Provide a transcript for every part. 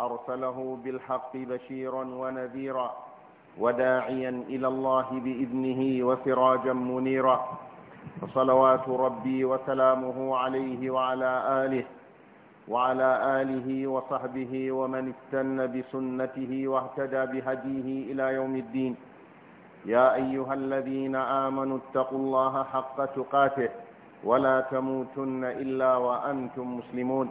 أرسله بالحق بشيرا ونذيرا وداعيا إلى الله بإذنه وسراجا منيرا فصلوات ربي وسلامه عليه وعلى آله وعلى آله وصحبه ومن استن بسنته واهتدى بهديه إلى يوم الدين يا أيها الذين آمنوا اتقوا الله حق تقاته ولا تموتن إلا وأنتم مسلمون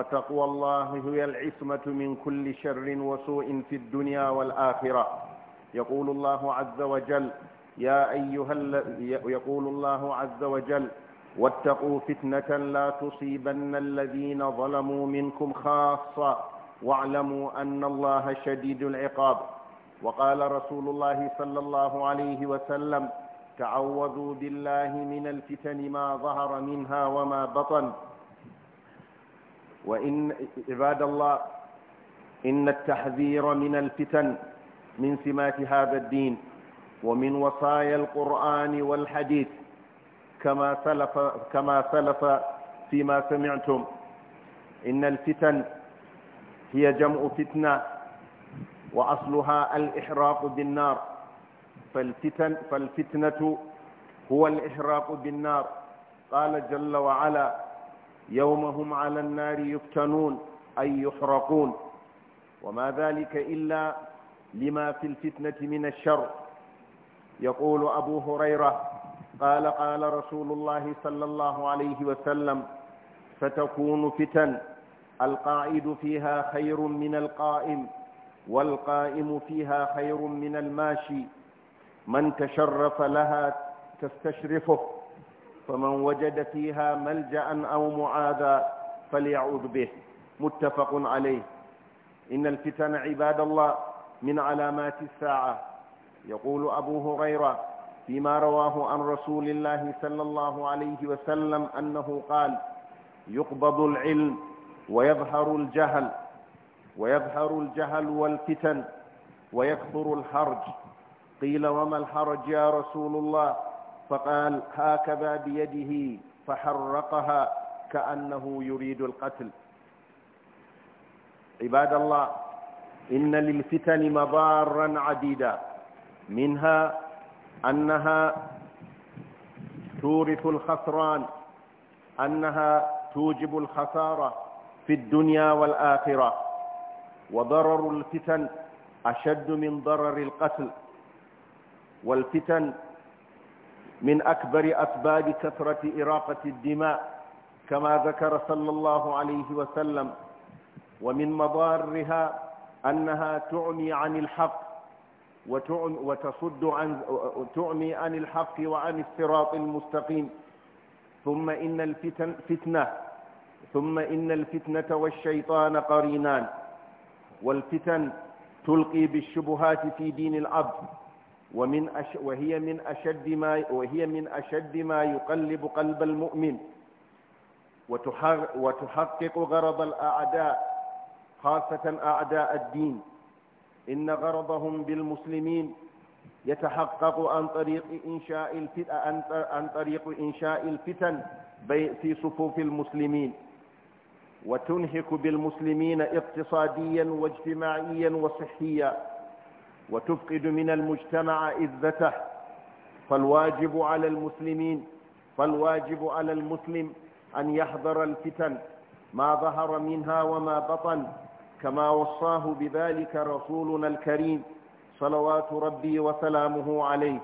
فتقوى الله هي العصمة من كل شر وسوء في الدنيا والآخرة يقول الله عز وجل يا أيها يقول الله عز وجل واتقوا فتنة لا تصيبن الذين ظلموا منكم خاصة واعلموا أن الله شديد العقاب وقال رسول الله صلى الله عليه وسلم تعوذوا بالله من الفتن ما ظهر منها وما بطن وإن عباد الله إن التحذير من الفتن من سمات هذا الدين ومن وصايا القرآن والحديث كما سلف, كما سلف فيما سمعتم إن الفتن هي جمع فتنة وأصلها الإحراق بالنار فالفتن فالفتنة هو الإحراق بالنار قال جل وعلا يوم هم على النار يفتنون أي يحرقون وما ذلك إلا لما في الفتنة من الشر يقول أبو هريرة قال قال رسول الله صلى الله عليه وسلم فتكون فتن القاعد فيها خير من القائم والقائم فيها خير من الماشي من تشرف لها تستشرفه فمن وجد فيها ملجأ أو معاذا فليعوذ به متفق عليه إن الفتن عباد الله من علامات الساعة يقول أبو هريرة فيما رواه عن رسول الله صلى الله عليه وسلم أنه قال يقبض العلم ويظهر الجهل ويظهر الجهل والفتن ويكثر الحرج قيل وما الحرج يا رسول الله فقال هكذا بيده فحرقها كأنه يريد القتل عباد الله إن للفتن مضارا عديدة منها أنها تورث الخسران أنها توجب الخسارة في الدنيا والآخرة وضرر الفتن أشد من ضرر القتل والفتن من أكبر أسباب كثرة إراقة الدماء كما ذكر صلى الله عليه وسلم ومن مضارها أنها تعمي عن الحق وتصد عن تعمي عن الحق وعن الصراط المستقيم ثم إن الفتن فتنة ثم إن الفتنة والشيطان قرينان والفتن تلقي بالشبهات في دين العبد ومن أش وهي من أشد ما وهي من أشد ما يقلب قلب المؤمن وتحقق غرض الأعداء خاصة أعداء الدين إن غرضهم بالمسلمين يتحقق عن طريق إنشاء الفتن عن طريق إنشاء الفتن في صفوف المسلمين وتنهك بالمسلمين اقتصاديا واجتماعيا وصحيا وتفقد من المجتمع عزته فالواجب على المسلمين فالواجب على المسلم أن يحذر الفتن ما ظهر منها وما بطن كما وصاه بذلك رسولنا الكريم صلوات ربي وسلامه عليه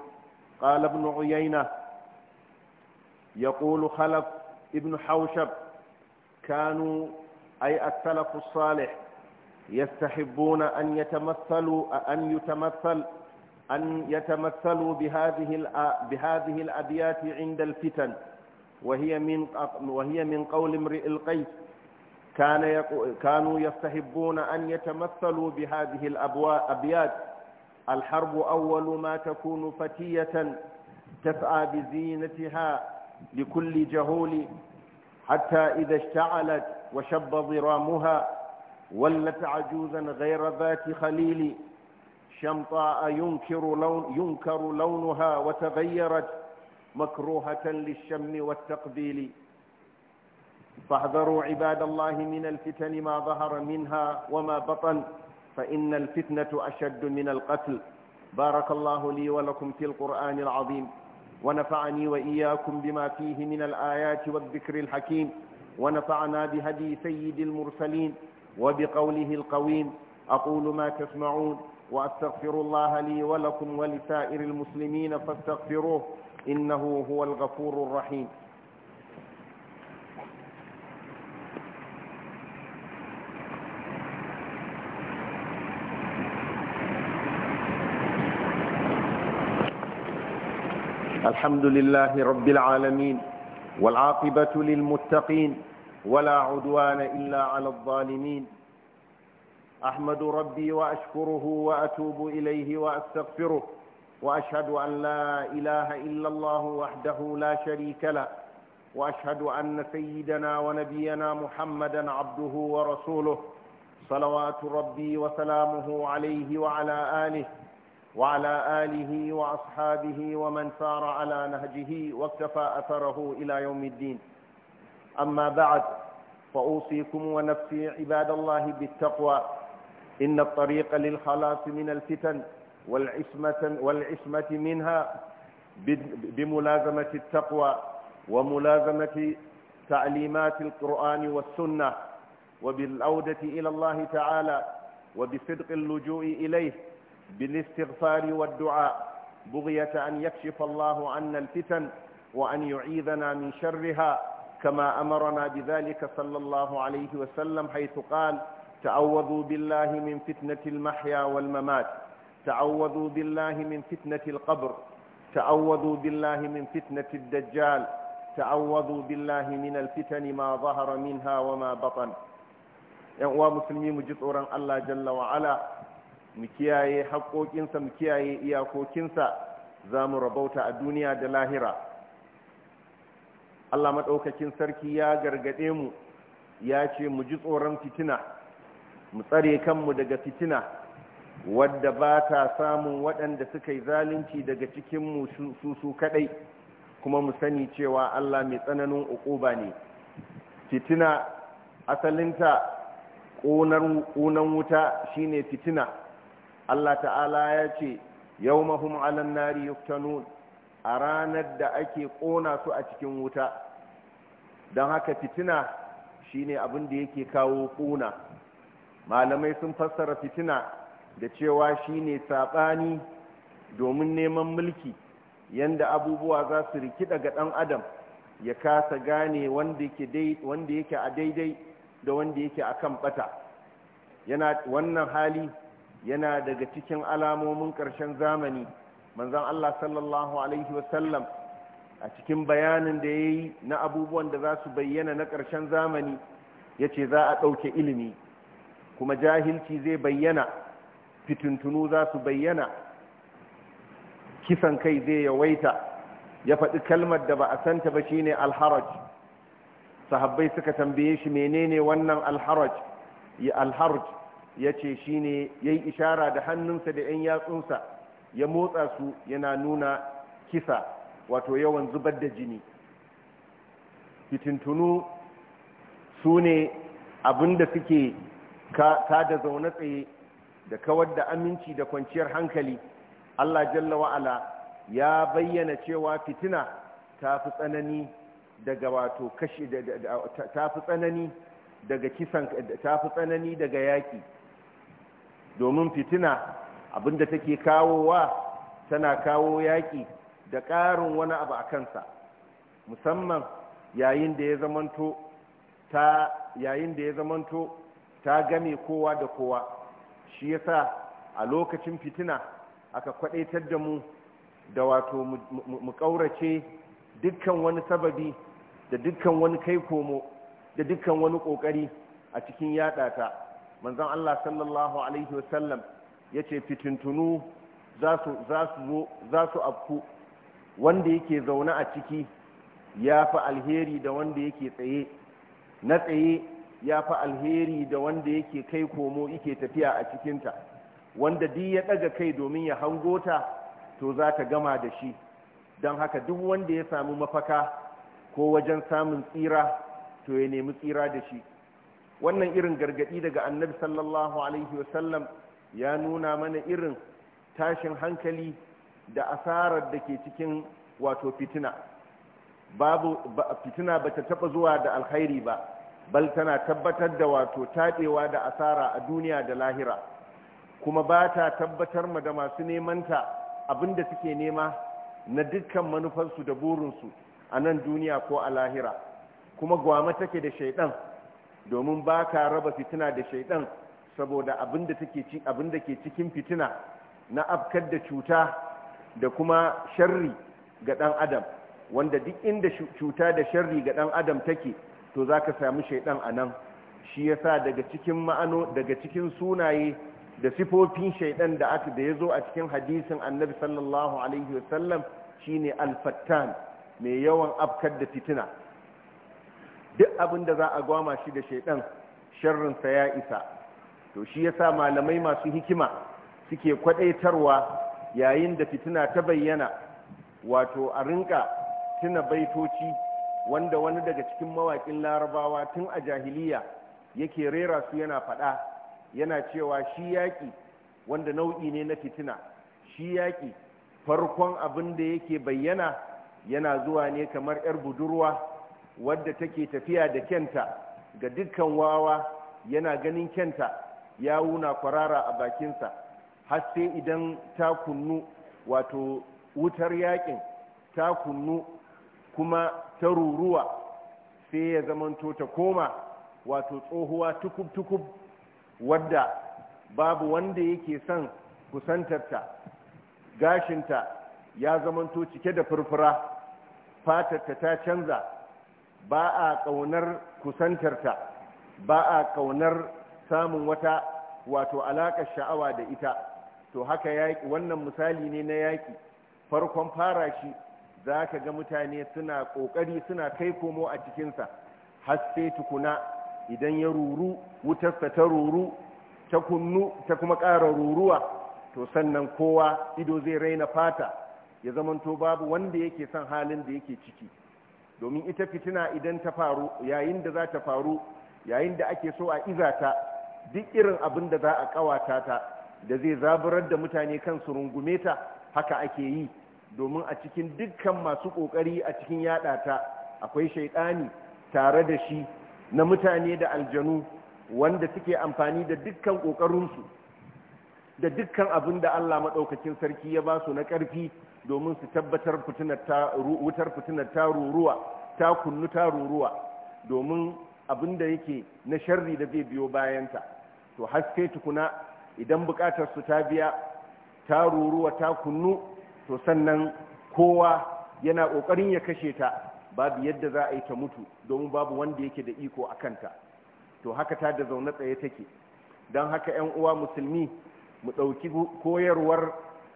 قال ابن عيينة يقول خلف ابن حوشب كانوا أي التلف الصالح يستحبون أن يتمثلوا أن يتمثل أن يتمثلوا بهذه بهذه الأبيات عند الفتن وهي من وهي من قول امرئ القيس كان كانوا يستحبون أن يتمثلوا بهذه الأبيات الحرب أول ما تكون فتية تسعى بزينتها لكل جهول حتى إذا اشتعلت وشب ضرامها ولت عجوزا غير ذات خليل شمطاء ينكر, لون ينكر لونها وتغيرت مكروهة للشم والتقبيل فاحذروا عباد الله من الفتن ما ظهر منها وما بطن فإن الفتنة أشد من القتل بارك الله لي ولكم في القرآن العظيم ونفعني وإياكم بما فيه من الآيات والذكر الحكيم ونفعنا بهدي سيد المرسلين وبقوله القويم أقول ما تسمعون وأستغفر الله لي ولكم ولسائر المسلمين فاستغفروه إنه هو الغفور الرحيم الحمد لله رب العالمين والعاقبة للمتقين ولا عدوان إلا على الظالمين أحمد ربي وأشكره وأتوب إليه وأستغفره وأشهد أن لا إله إلا الله وحده لا شريك له وأشهد أن سيدنا ونبينا محمدا عبده ورسوله صلوات ربي وسلامه عليه وعلى آله وعلى آله وأصحابه ومن سار على نهجه واكتفى أثره إلى يوم الدين أما بعد فأوصيكم ونفسي عباد الله بالتقوى إن الطريق للخلاص من الفتن والعصمة, والعصمة منها بملازمة التقوى وملازمة تعليمات القرآن والسنة وبالعودة إلى الله تعالى وبصدق اللجوء إليه بالاستغفار والدعاء بغية أن يكشف الله عنا الفتن وأن يعيذنا من شرها كما أمرنا بذلك صلى الله عليه وسلم حيث قال تعوذوا بالله من فتنة المحيا والممات تعوذوا بالله من فتنة القبر تعوذوا بالله من فتنة الدجال تعوذوا بالله من الفتن ما ظهر منها وما بطن ومسلمين مسلمين مجدورا الله جل وعلا مكياي حقوكينسا مكياي إياكوكينسا زامر بوتا الدنيا دلاهرة Allah maɗaukakin sarki ya gargaɗe mu ya ce mu ji tsoron fitina mu tsare kanmu daga fitina wadda ba ta samun waɗanda suka yi zalunci daga cikinmu su su kaɗai kuma mu sani cewa Allah mai tsananin uquba ne fitina asalinta ƙunan wuta shine fitina Allah ta'ala ya ce yawmahum 'alan nari yuftanun a ranar da ake ƙona su a cikin wuta don haka fitina shine abin da yake kawo ƙuna malamai sun fassara fitina da cewa shine saɓani domin neman mulki yanda abubuwa za su rikida ga ɗan adam ya kasa gane wanda yake a daidai da wanda yake a kan ɓata wannan hali yana daga cikin alamomin ƙarshen zamani manzon Allah sallallahu alaihi wasallam a cikin bayanin da ya yi na abubuwan da za su bayyana na ƙarshen zamani ya ce za a ɗauke ilimi kuma jahilci zai bayyana fitintunu za su bayyana kisan kai zai yawaita ya faɗi kalmar da ba a santa ba shine alharaj sahabbai suka tambaye shi menene wannan alharaj ya alharaj ya ce shine yayi ishara da hannunsa da 'yan yatsunsa ya motsa su yana nuna kisa wato yawan zubar da jini fitintunu su ne abinda suke ka da zaune tsaye da kawar da aminci da kwanciyar hankali Allah jalla wa'ala ya bayyana cewa fitina ta fi tsanani daga wato kashi ta fi tsanani daga kisan ta fi tsanani daga yaki domin fitina abinda take kawowa tana kawo yaƙi da ƙarin wani abu a kansa musamman yayin da ya zamanto ta yayin da ya zamanto ta game kowa da kowa shi yasa a lokacin fitina aka kwadaitar da mu da wato mu ƙaurace dukkan wani sababi da dukkan wani kai komo da dukkan wani kokari a cikin yaɗata. ta manzon Allah sallallahu alaihi wasallam ya ce fitintunu za su afku wanda yake zaune a ciki ya fi alheri da wanda yake tsaye na tsaye ya fi alheri da wanda yake kai komo yake tafiya a cikinta wanda di ya ɗaga kai domin ya hango ta to za ta gama da shi don haka duk wanda ya samu mafaka ko wajen samun tsira to ya nemi tsira da shi wannan irin gargaɗi daga annabi sallallahu alaihi wasallam ya nuna mana irin tashin hankali da asarar da ke cikin wato fitina babu fitina ba ta taba zuwa da alkhairi ba bal tana tabbatar da wato taɓewa da asara a duniya da lahira kuma ba ta tabbatar ma da masu nemanta abinda suke nema na dukkan manufarsu da burinsu a nan duniya ko a lahira kuma gwamma take da shaidan domin ba ka raba fitina da shaidan saboda abinda take ci abinda ke cikin fitina na afkar da cuta da kuma sharri ga dan adam wanda duk inda cuta da sharri ga dan adam take to zaka samu shaidan anan shi yasa daga cikin ma'ano daga cikin sunaye da sifofin shaidan da aka da yazo a cikin hadisin Annabi sallallahu alaihi wasallam shine al-fattan mai yawan afkar da fitina duk abinda za a gwama shi da shaidan sharrinsa ya isa to shi ya sa malamai masu hikima suke kwadaitarwa yayin da fitina ta bayyana wato a rinka tuna baitoci wanda wani daga cikin mawaƙin larabawa tun a jahiliya yake rera su yana faɗa yana cewa shi yaƙi wanda nau'i ne na fitina shi yaƙi farkon abin da yake bayyana yana zuwa ne kamar 'yar budurwa wadda take tafiya da kenta ga dukkan wawa yana ganin kenta. Ya wuna kwarara a bakinsa har sai idan ta kunnu wato wutar yakin ta kunnu kuma ta ruruwa sai ya zamanto ta koma wato tsohuwa tukub-tukub wadda babu wanda yake son kusantarta gashinta ya zamanto cike da furfura fatarta ta canza ba a ƙaunar kusantarta ba a ƙaunar samun wata wato alaƙar sha'awa da ita to haka yaƙi wannan misali ne na yaƙi farkon fara shi za ka ga mutane suna ƙoƙari suna kai komo a cikinsa har sai tukuna idan ya ruru wutarsa ta ruru ta kunnu ta kuma ƙara ruruwa to sannan kowa ido zai raina fata ya zamanto babu wanda yake son halin da yake ciki domin ita fitina idan ta faru yayin da za ta faru yayin da ake so a izata duk irin abin da za a kawata ta da zai zaburar da mutane kan su rungume ta haka ake yi domin a cikin dukkan masu kokari a cikin yada ta akwai shaidani tare da shi na mutane da aljanu wanda suke amfani da dukkan kokarinsu da dukkan abin da Allah madaukakin sarki ya ba su na karfi domin su tabbatar wutar fitinar ta ruruwa ta kunnu ta ruruwa domin abin da yake na sharri da zai biyo bayanta to haske tukuna idan bukatar su ta biya ta ruruwa ta kunnu to sannan kowa yana ƙoƙarin ya kashe ta babu yadda za a yi ta mutu domin babu wanda yake da iko a kanta to haka ta da zaune tsaye take don haka 'yan uwa musulmi mu ɗauki koyarwar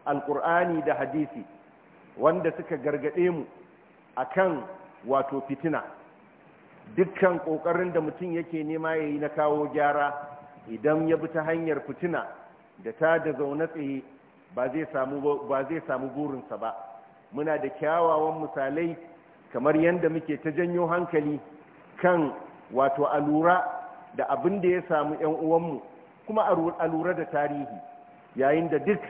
alkur'ani da hadisi wanda suka gargaɗe mu akan wato fitina dukkan ƙoƙarin da mutum yake nema ya yi na kawo gyara idan ya bi ta hanyar fitina da ta da zaune tsaye ba zai samu burinsa ba muna da kyawawan misalai kamar yadda muke ta janyo hankali kan wato alura da abin da ya samu 'yan uwanmu kuma alura da tarihi yayin da duk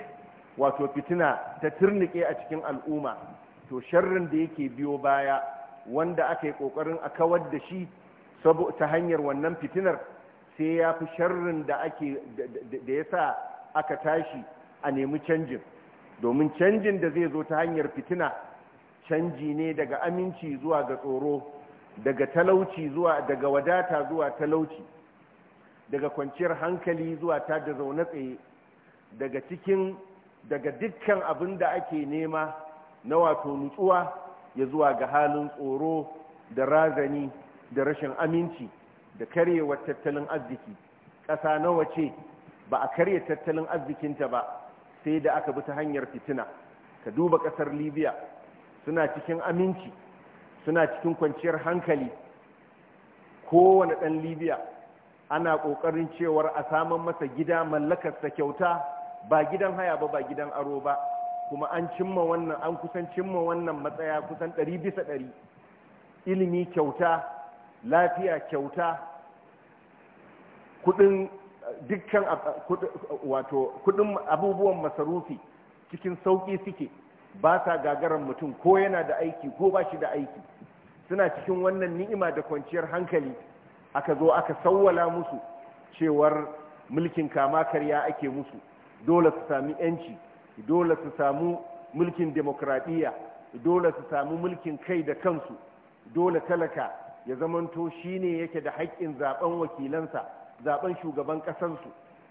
wato fitina ta turnike a cikin al'umma to sharrin da yake biyo baya wanda aka yi ƙoƙarin a kawar da shi ta hanyar wannan fitinar sai ya fi sharrin da ake da ya sa aka tashi a nemi canjin domin canjin da zai zo ta hanyar fitina canji ne daga aminci zuwa ga tsoro daga talauci zuwa daga wadata zuwa talauci daga kwanciyar hankali zuwa ta da zaune tsaye daga cikin daga dukkan abin da ake nema na wato nutsuwa ya zuwa ga halin tsoro da razani da rashin aminci da karyewar tattalin arziki ƙasa nawa ce ba a karya tattalin arzikinta ba sai da aka bi ta hanyar fitina ka duba ƙasar libya suna cikin aminci suna cikin kwanciyar hankali kowane ɗan libya ana ƙoƙarin cewar a saman masa gida mallakarsa kyauta ba gidan haya ba ba gidan aro ba kuma an cimma wannan an kusan cimma wannan matsaya kusan ɗari bisa ɗari ilimi kyauta lafiya kyauta kudin dukkan wato kudin abubuwan masarufi cikin sauki suke ba sa gagaran mutum ko yana da aiki ko ba shi da aiki suna cikin wannan ni'ima da kwanciyar hankali aka zo aka sawwala musu cewar mulkin kama karya ake musu dole su sami yanci dole su samu mulkin demokradiyya dole su samu mulkin kai da kansu dole talaka ya zamanto shi ne yake da haƙƙin zaɓen wakilansa zaɓen shugaban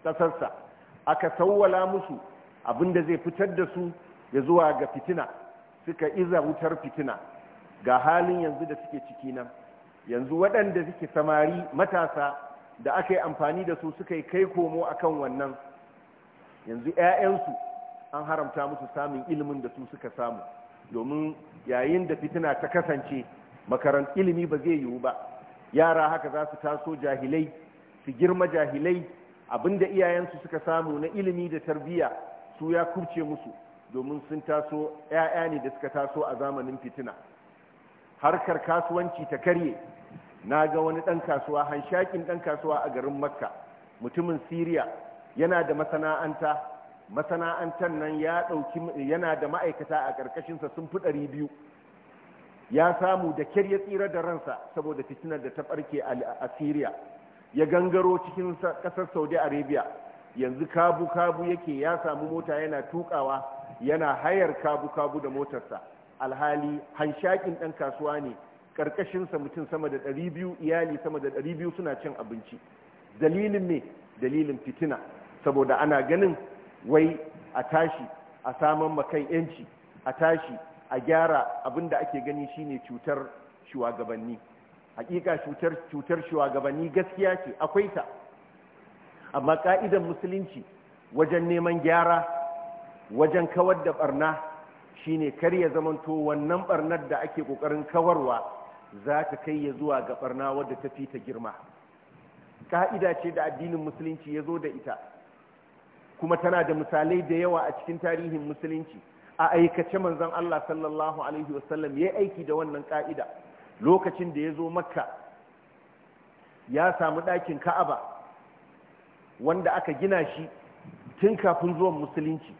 ƙasarsa aka sawwala musu abin da zai fitar da su ya zuwa ga fitina suka iza wutar fitina ga halin yanzu da suke ciki nan yanzu waɗanda suke samari matasa da aka yi amfani da su suka yi kai komo a kan wannan yanzu 'ya'yansu an haramta musu samun ilimin da su suka samu domin yayin da fitina ta kasance makaran ilimi ba zai yiwu ba yara haka za su taso jahilai su girma jahilai abinda iyayensu suka samu na ilimi da tarbiyya su ya kubce musu domin sun taso 'ya'ya ne da suka taso a zamanin fitina harkar kasuwanci ta karye na ga wani ɗan kasuwa hanshakin ɗan kasuwa a garin makka mutumin siriya yana da masana'anta masana'antar nan ya ɗauki yana da ma'aikata a ƙarƙashinsa sun fi ɗari biyu ya samu da kyar ya tsira da ransa saboda fitinar da ta barke a assyria ya gangaro cikin kasar Saudi Arabia yanzu kabu kabu yake ya samu mota yana tukawa yana hayar kabu kabu da motarsa alhali hanshakin ɗan kasuwa ne karkashinsa mutum sama da 200 iyali sama da 200 suna cin abinci dalilin ne dalilin fitina saboda ana ganin wai a tashi a saman makai yanci a tashi a gyara abin da ake gani shine cutar shugabanni hakika cutar cutar shugabanni gaskiya ce akwai ta amma ka'idan musulunci wajen neman gyara wajen kawar da barna shine kar ya zamanto wannan barnar da ake ƙoƙarin kawarwa za ta kai ya zuwa ga ɓarna wadda ta fi ta girma ka'ida ce da addinin musulunci ya zo da ita kuma tana da misalai da yawa a cikin tarihin musulunci a aikace manzon Allah sallallahu alaihi wasallam ya aiki da wannan ka'ida lokacin da ya zo makka ya samu ɗakin ka'aba wanda aka gina shi tun kafin zuwan musulunci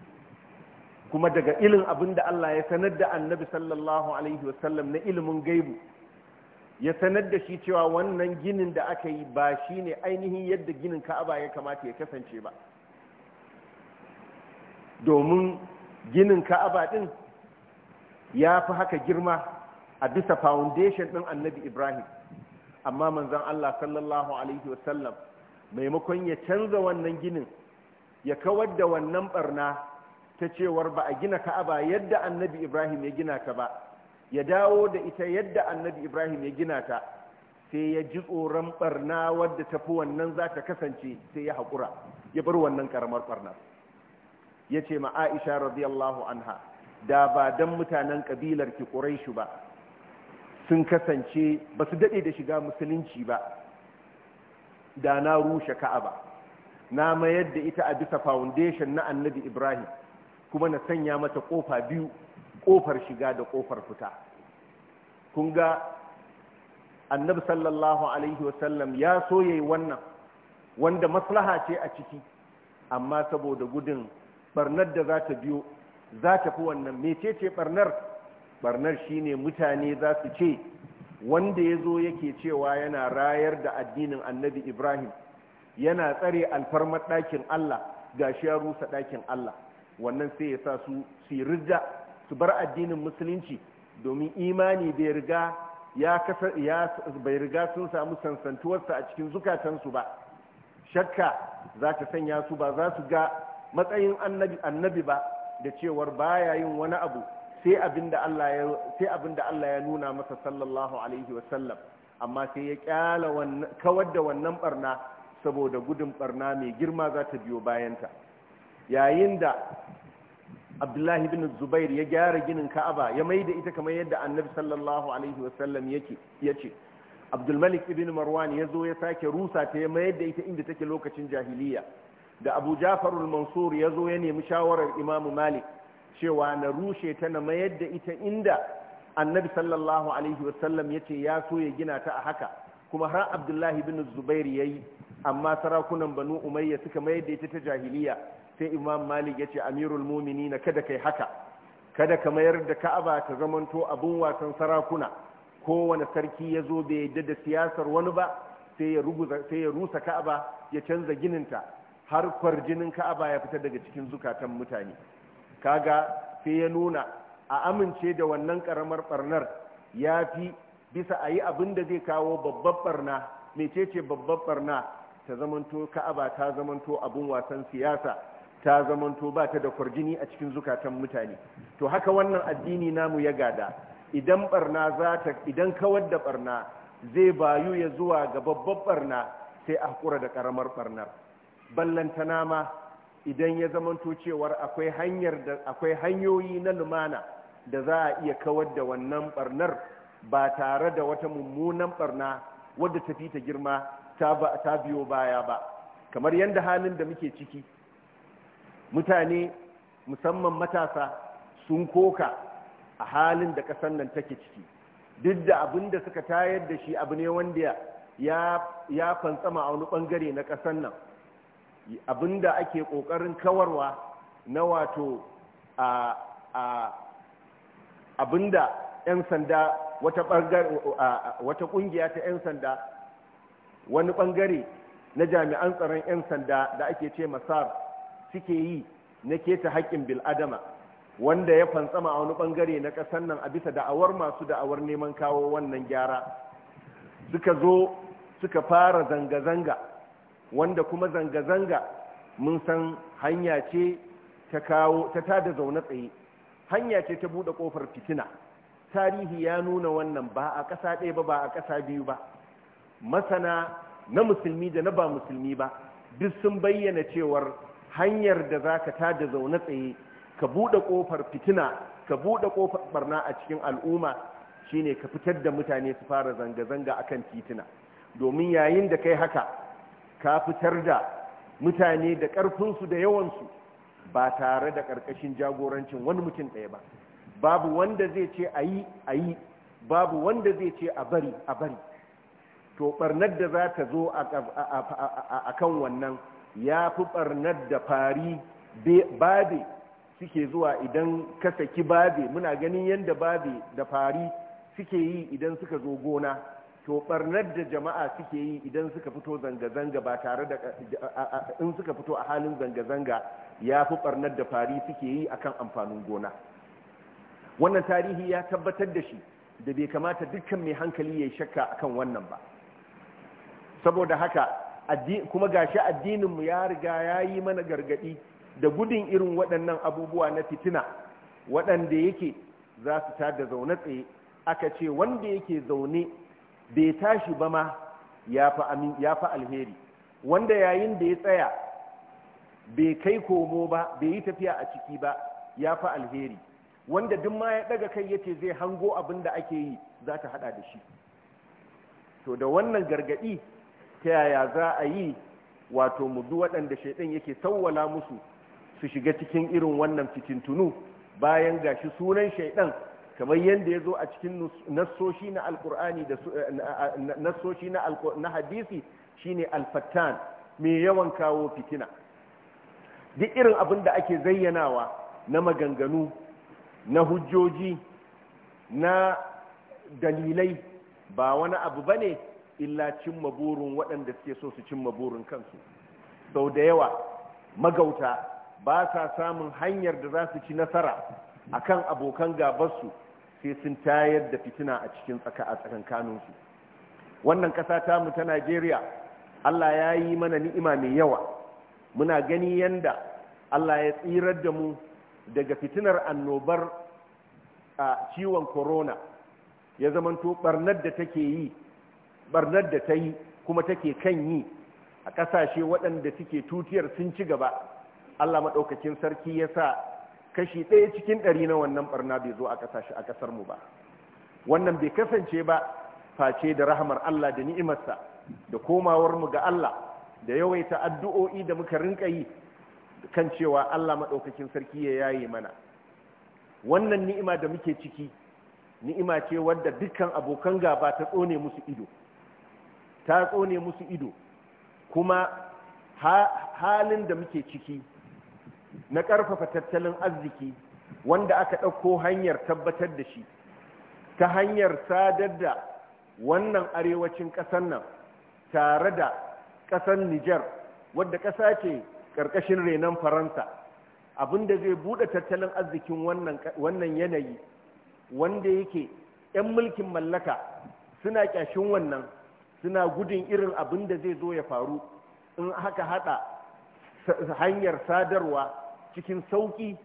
kuma daga ilin abinda Allah ya sanar da annabi sallallahu alaihi wasallam na ilimin gaibu ya sanar da shi cewa wannan ginin da aka yi ba shi ne ainihin yadda ginin ka'aba ya kamata ya kasance ba domin ginin ka'aba din ya fi haka girma a bisa foundation ɗin annabi ibrahim amma manzon allah sallallahu alaihi wasallam maimakon ya canza wannan ginin ya kawar da wannan barna ta cewar ba a gina ka'aba yadda annabi ibrahim ya gina ta ba ya dawo da ita yadda annabi ibrahim ya gina ta sai ya ji tsoron barna wadda tafi wannan za ta kasance sai ya haƙura ya bar wannan ƙaramar barnar ya ce ma aisha radiyallahu anha da ba don mutanen ƙabilar ki ƙuraishu ba sun kasance ba su daɗe da shiga musulunci ba da na rushe ba na mayar da ita a bisa foundation na annabi ibrahim kuma na sanya mata ƙofa biyu ƙofar shiga da ƙofar fita kun ga annabi sallallahu alaihi wasallam ya so wannan wanda maslaha ce a ciki amma saboda gudun barnar da za ta biyo za ta fi wannan mecece barnar barnar shine mutane za su ce wanda ya zo yake cewa yana rayar da addinin annabi ibrahim yana tsare alfarmar ɗakin allah ga shi rusa ɗakin allah wannan sai ya sa su su rida su bar addinin musulunci domin imani bai riga ya bai riga sun samu sansantuwarsa a cikin zukatansu ba shakka za ta sanya su ba za su ga matsayin annabi ba da cewar baya yin wani abu sai abinda Allah ya sai abinda Allah ya nuna masa sallallahu alaihi wa sallam amma sai ya kyala wannan kawar da wannan barna saboda gudun barna mai girma za ta biyo bayanta yayin da Abdullahi Ibn Zubair ya gyara ginin Ka'aba ya maida ita kamar yadda Annabi sallallahu alaihi sallam yake yace Abdul Malik ibn Marwan ya zo ya sake rusa ta ya mayar da ita inda take lokacin jahiliya da abu jafarul mansur ya zo ya nemi shawarar imamu malik cewa na rushe ta na mayar da ita inda annabi sallallahu alaihi wasallam ya ce ya so ya gina ta a haka kuma har abdullahi bin zubair ya yi amma sarakunan banu umayya suka mayar da ita ta jahiliya sai imam malik ya ce amirul mumini na kada kai haka kada ka mayar da ka'aba ta zamanto abun wasan sarakuna kowane sarki ya zo bai yadda da siyasar wani ba sai ya rusa ka'aba ya canza gininta har kwarjinin ka'aba ya fita daga cikin zukatan mutane kaga sai ya nuna a amince da wannan karamar barnar ya fi bisa a yi abin da zai kawo babbar barna mecece babbar barna ta zamanto ka'aba ta zamanto abin wasan siyasa ta zamanto ba ta da kwarjini a cikin zukatan mutane to haka wannan addini namu ya gada idan barna za ta idan kawar da barna zai bayu ya zuwa ga babbar barna sai a hakura da karamar barnar ballantana ma idan ya zamanto cewar akwai hanyar akwai hanyoyi na lumana da za a iya kawar da wannan barnar ba tare da wata mummunan barna wadda tafi ta girma ta biyo baya ba kamar yadda halin da muke ciki mutane musamman matasa sun koka a halin da ƙasar nan take ciki duk da abin da suka tayar da shi abu ne wanda ya fantsama a wani bangare na ƙasar nan abinda ake ƙoƙarin kawarwa na wato a abinda 'yan sanda wata ƙungiya ta 'yan sanda wani bangare na jami'an tsaron 'yan sanda da ake ce masar suke yi na keta haƙƙin bil'adama wanda ya fantsama a wani bangare na ƙasar nan a bisa da'awar masu da'awar neman kawo wannan gyara suka zo suka fara zanga-zanga wanda kuma zanga-zanga mun san hanya ce ta kawo ta tada zaune tsaye hanya ce ta buɗe ƙofar fitina tarihi ya nuna wannan ba a ƙasa ɗaya ba ba a ƙasa biyu ba masana na musulmi da na ba musulmi ba duk sun bayyana cewar hanyar da za ka tada zaune tsaye ka buɗe ƙofar fitina ka buɗe ƙofar barna a cikin al'umma shine ka fitar da mutane su fara zanga-zanga akan titina domin yayin da kai haka ka fitar da mutane da ƙarfinsu da yawansu ba tare da ƙarƙashin jagorancin wani mutum ɗaya ba babu wanda zai ce a yi a yi babu wanda zai ce a bari a bari to ɓarnar da za ta zo a kan wannan ya fi ɓarnar da fari babe suke zuwa idan kasaki saki babe muna ganin yadda babe da fari suke yi idan suka zo gona to barnar da jama'a suke yi idan suka fito zanga-zanga ba tare da in suka fito a halin zanga-zanga ya fi barnar da fari suke yi akan amfanin gona wannan tarihi ya tabbatar da shi da bai kamata dukkan mai hankali ya shakka akan wannan ba saboda haka kuma gashi addininmu ya riga ya yi mana gargadi da gudun irin waɗannan abubuwa na fitina waɗanda yake za su tada zaune tsaye aka ce wanda yake zaune bai tashi ba ma ya fi alheri wanda yayin da ya tsaya bai kai komo ba bai yi tafiya a ciki ba ya fi alheri wanda duk ma ya daga kai yace zai hango abin da ake yi za ta hada da shi to da wannan gargadi ta yaya za a yi wato mu bi waɗanda shaidan yake sawwala musu su shiga cikin irin wannan fitintunu bayan gashi sunan shaidan kamar yadda ya zo a cikin nassoshi na alkur'ani da eh, eh, nassoshi na hadisi shine alfattan mai yawan kawo fitina duk irin abin da ake zayyanawa na maganganu na hujjoji na dalilai ba wani abu ba ne illa cimma burin waɗanda suke so su cimma burin kansu sau da yawa magauta ba sa samun hanyar da za su ci nasara akan abokan gabarsu sai sun tayar da fitina a cikin tsaka a tsakankaninsu wannan ƙasa mu ta najeriya allah ya yi mana ni'ima mai yawa muna gani yanda allah ya tsirar da mu daga fitinar annobar a ciwon corona ya zamanto barnar da take yi barnar da ta yi kuma take kan yi a ƙasashe waɗanda suke tutiyar sun ci gaba allah maɗaukacin sarki ya sa kashi ɗaya cikin ɗari na wannan barna bai zo a ƙasashe a ƙasar mu ba wannan bai kasance ba face da rahamar Allah da ni'imarsa da komawar mu ga Allah da yawaita addu'o'i da muka rinka yi kan cewa Allah maɗaukakin sarki ya yaye mana wannan ni'ima da muke ciki ni'ima ce wadda dukkan abokan gaba ta tsone musu ido ta tsone musu ido kuma halin da muke ciki na ƙarfafa tattalin arziki wanda aka ɗauko hanyar tabbatar da shi ta hanyar sadar da wannan arewacin ƙasar nan tare da ƙasar Nijar wadda ƙasa ce ƙarƙashin renon Faransa abinda zai buɗe tattalin arzikin wannan yanayi wanda yake 'yan mulkin mallaka suna ƙyashin wannan suna gudun irin abin da zai zo ya faru in haka haɗa hanyar sadarwa cikin sauƙi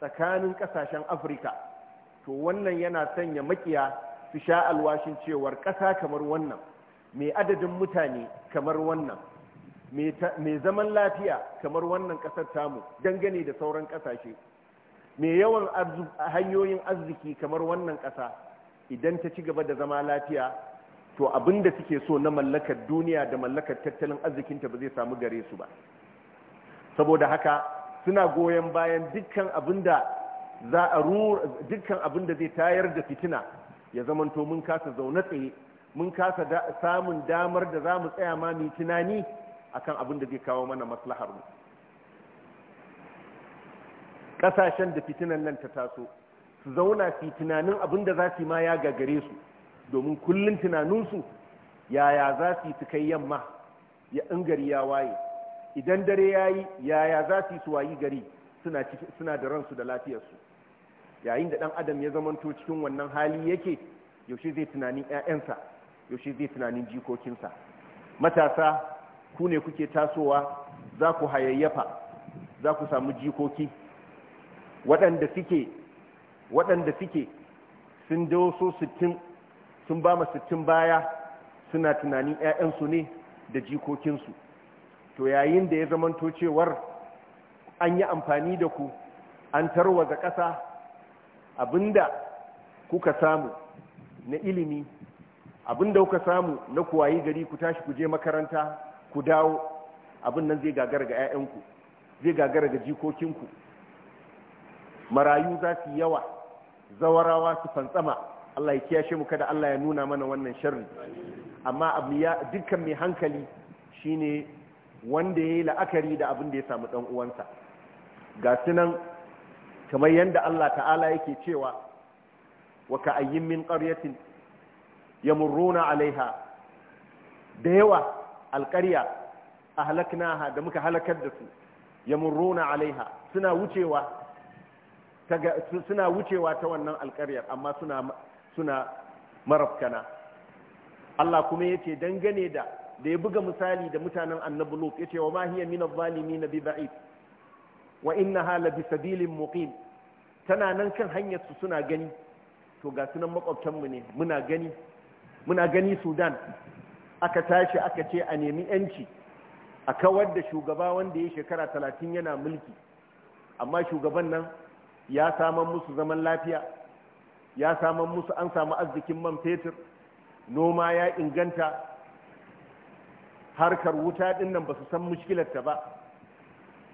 tsakanin ƙasashen afirka to wannan yana sanya makiya su sha alwashin cewar ƙasa kamar wannan mai adadin mutane kamar wannan mai zaman lafiya kamar wannan ƙasar tamu dangane da sauran ƙasashe mai yawan hanyoyin arziki kamar wannan ƙasa idan ta ci gaba da zama lafiya to abin da suke so na mallakar duniya da mallakar tattalin arzikinta ba zai samu gare su ba saboda haka suna goyon bayan dukkan abinda za a dukkan abinda zai tayar da fitina ya zamanto mun kasa zaune tsaye mun kasa samun damar da za mu tsaya ma mu tunani akan abin da zai kawo mana maslahar mu kasashen da fitinan nan ta taso su zauna su tunanin abin da za su ma ya gagare su domin kullum tunaninsu yaya za su yi su kai yamma ya ingari ya waye idan dare ya yi yaya za su yi su wayi gari suna da ransu da lafiyarsu yayin da ɗan adam ya zamanto cikin wannan hali yake yaushe zai tunanin 'ya'yansa yaushe zai tunanin jikokinsa matasa ku ne kuke tasowa za ku hayayyafa za ku samu jikoki waɗanda suke waɗanda suke sun doso sittin sun ba ma sittin baya suna tunanin 'ya'yansu ne da jikokinsu to yayin da ya zamanto cewar an yi amfani da ku an tarwaza ƙasa abinda kuka samu na ilimi abinda kuka samu na kuwayi gari ku tashi ku je makaranta ku dawo abin nan zai gagara ga 'ya'yanku zai gagara ga jikokinku marayu za su yawa zawarawa su fantsama Allah ya kiyashe mu kada Allah ya nuna mana wannan sharri amma abu ya dukkan mai hankali shine wanda ya yi la'akari da abin da ya samu ɗan uwansa ga sunan kamar yadda Allah ta'ala yake cewa wa ka'ayyin min ƙaryatin yamurruna alaiha da yawa alƙarya halaknaha da muka halakar da su yamurruna alaiha suna wucewa ta suna wucewa ta wannan alƙaryar amma suna suna marafkana Allah kuma yace dangane da da ya buga misali da mutanen annabi ya ce wa ma hiya min adh-dhalimin bi wa innaha la bi sabilin muqim tana nan kan hanyar su suna gani to ga sunan makwabtan mu ne muna gani muna gani Sudan aka tashi aka ce a nemi yanci a kawar da shugaba wanda ya shekara talatin yana mulki amma shugaban nan ya saman musu zaman lafiya ya saman musu an samu arzikin man fetur noma ya inganta harkar wuta din nan ba su san mushkilarta ba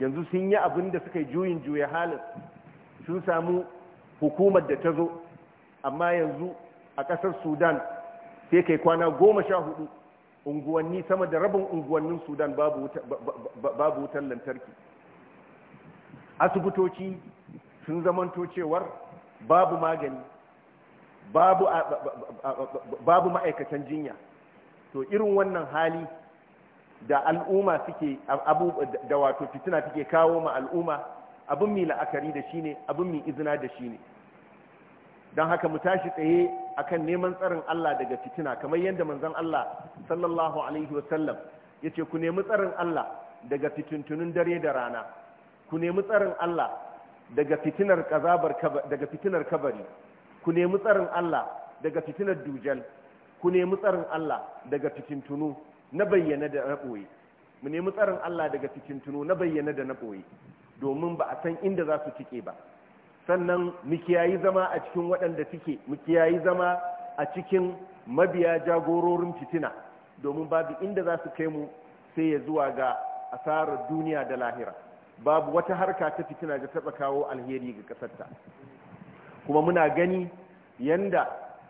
yanzu sun yi abin da suka yi juyin juya halin sun samu hukumar da ta zo amma yanzu a ƙasar sudan sai kai kwana goma sha hudu unguwanni sama da rabin unguwannin sudan babu wutar lantarki asibitoci sun zamanto cewar babu magani babu ma'aikatan jinya to irin wannan hali da al'umma suke da wato fitina take kawo ma al'umma abin mi la'akari da shi ne abin mi izina da shi ne don haka mu tashi tsaye akan neman tsarin Allah daga fitina kamar yadda manzon Allah sallallahu alaihi wasallam ya ce ku nemi tsarin Allah daga fitintunun dare da rana ku nemi tsarin Allah daga fitinar kazabar daga fitinar kabari ku nemi tsarin Allah daga fitinar dujal ku nemi tsarin Allah daga fitintunu na bayyana da na ɓoye mu nemi tsarin Allah daga cikin tuno na bayyana da na ɓoye domin ba a san inda za su cike ba sannan mu kiyayi zama a cikin waɗanda suke mu kiyayi zama a cikin mabiya jagororin fitina domin babu inda za su kai mu sai ya zuwa ga asarar duniya da lahira babu wata harka ta fitina da taɓa kawo alheri ga ƙasarta kuma muna gani yanda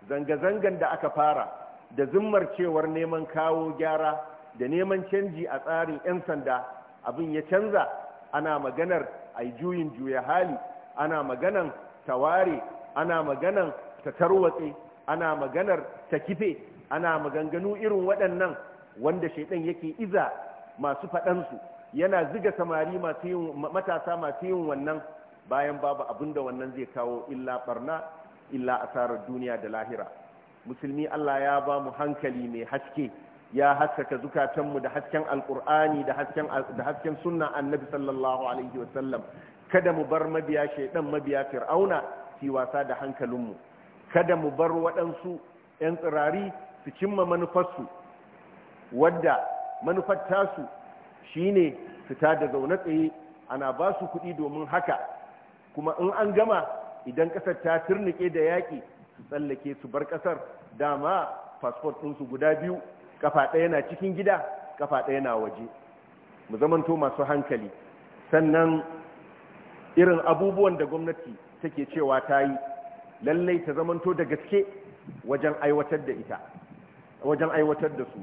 zanga-zangan da aka fara da zimmar cewar neman kawo gyara da neman canji a tsarin 'yan sanda abin ya canza ana maganar a juyin juya hali ana maganan ware, ana maganan ta tarwatse ana maganar ta kife ana maganganu irin waɗannan wanda shaidan yake iza masu faɗansu yana ziga samari matasa masu yin wannan bayan babu abin da wannan zai kawo illa barna illa asarar duniya da lahira musulmi Allah ya ba mu hankali mai haske ya haskaka zukatanmu da hasken alkur'ani da hasken da sunna annabi sallallahu alaihi wasallam kada mu bar mabiya shaidan mabiya fir'auna fi wasa da hankalinmu kada mu bar waɗansu 'yan tsirari su cimma manufarsu wadda manufar tasu shine fita da zaune tsaye ana ba su kuɗi domin haka kuma in an gama idan ƙasar ta turnike da yaƙi su tsallake su bar kasar dama passport ɗinsu guda biyu kafa ɗaya na cikin gida kafa ɗaya na waje mu zamanto masu hankali sannan irin abubuwan da gwamnati take cewa ta yi lallai ta zamanto da gaske wajen aiwatar da ita wajen aiwatar da su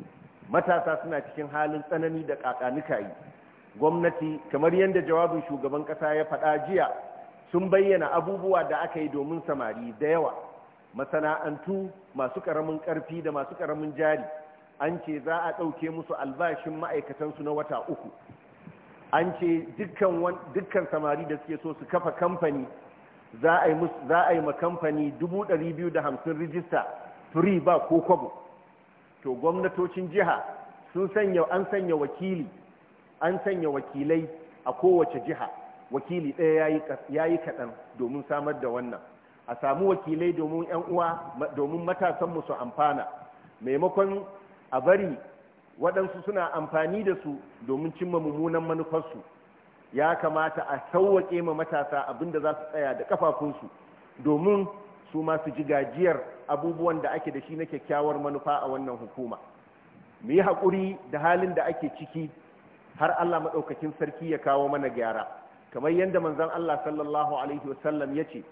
matasa suna cikin halin tsanani da ƙaƙanuka yi gwamnati kamar yadda jawabin shugaban ƙasa ya faɗa jiya sun bayyana abubuwa da aka yi domin samari da yawa masana'antu masu ƙaramin ƙarfi da masu ƙaramin jari an ce za a ɗauke musu albashin ma'aikatansu na wata uku an ce dukkan samari da suke so su kafa kamfani za a yi ma kamfani 250 rijista free ba ko kwabo to gwamnatocin jiha sun sanya an sanya wakili an sanya wakilai a kowace jiha wakili ɗaya ya yi kaɗan domin samar da wannan a samu wakilai domin 'yan uwa domin matasanmu su amfana maimakon a bari waɗansu suna amfani da su domin cimma mummunan manufarsu ya kamata a sauwaƙe ma matasa abinda za su tsaya da kafafunsu domin su masu ji gajiyar abubuwan da ake da shi na kyakkyawar manufa a wannan hukuma mu yi haƙuri da halin da ake ciki har allah maɗaukakin sarki ya kawo mana gyara kamar yadda manzon allah sallallahu alaihi wasallam ya ce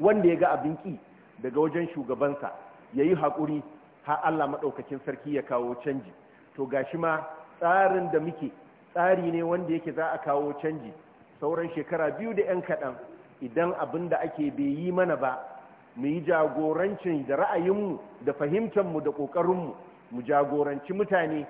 wanda ya ga abin ki daga wajen shugabansa ya yi haƙuri har Allah maɗaukacin sarki ya kawo canji to gashi ma tsarin da muke tsari ne wanda yake za a kawo canji sauran shekara biyu da 'yan kaɗan idan abin da ake bai yi mana ba mu yi jagorancin da ra'ayinmu da fahimtanmu da ƙoƙarinmu mu jagoranci mutane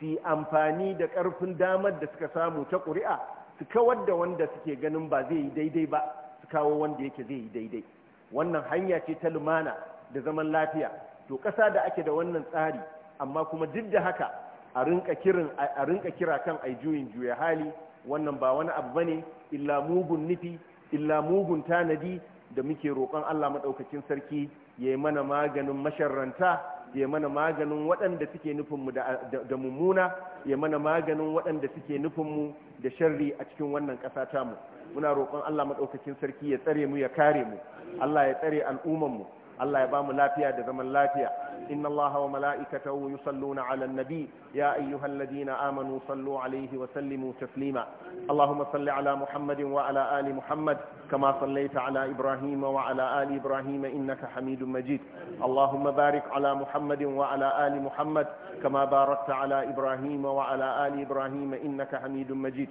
su amfani da ƙarfin damar da suka samu ta ƙuri'a su kawar da wanda suke ganin ba zai yi daidai ba kawo wanda yake zai yi daidai wannan hanya ce ta lumana da zaman lafiya to ƙasa da ake da wannan tsari amma kuma duk da haka a rinka kira kan ai juyin juya hali wannan ba wani abu bane illa mugun nufi illa mugun tanadi da muke roƙon Allah maɗaukakin sarki ya mana maganin masharranta ya mana maganin waɗanda suke nufinmu da mummuna ya mana maganin waɗanda suke nufinmu da sharri a cikin wannan ƙasa tamu muna roƙon Allah maɗaukacin sarki ya tsare mu ya kare mu Allah ya tsare al'umman mu الله يبام لا فيها دزم لا إن الله وملائكته يصلون على النبي يا أيها الذين آمنوا صلوا عليه وسلموا تسليما اللهم صل على محمد وعلى آل محمد كما صليت على إبراهيم وعلى آل إبراهيم إنك حميد مجيد اللهم بارك على محمد وعلى آل محمد كما باركت على إبراهيم وعلى آل إبراهيم إنك حميد مجيد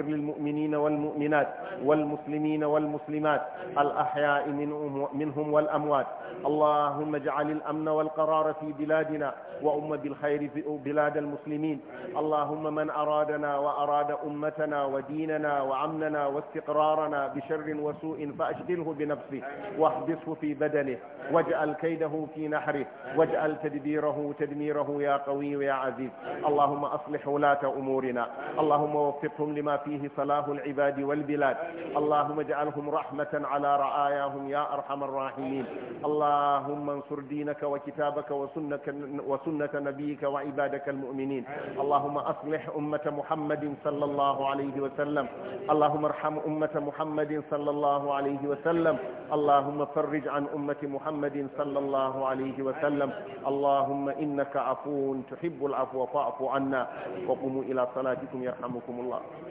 واغفر للمؤمنين والمؤمنات والمسلمين والمسلمات الأحياء منهم والأموات اللهم اجعل الأمن والقرار في بلادنا وأم بالخير في بلاد المسلمين اللهم من أرادنا وأراد أمتنا وديننا وأمننا واستقرارنا بشر وسوء فأشغله بنفسه واحبسه في بدنه واجعل كيده في نحره واجعل تدبيره تدميره يا قوي يا عزيز اللهم أصلح ولاة أمورنا اللهم وفقهم لما في فيه صلاح العباد والبلاد اللهم اجعلهم رحمة على رعاياهم يا أرحم الراحمين اللهم انصر دينك وكتابك وسنك وسنة نبيك وعبادك المؤمنين اللهم أصلح أمة محمد صلى الله عليه وسلم اللهم ارحم أمة محمد صلى الله عليه وسلم اللهم فرج عن أمة محمد صلى الله عليه وسلم اللهم إنك عفو تحب العفو فاعف عنا وقوموا إلى صلاتكم يرحمكم الله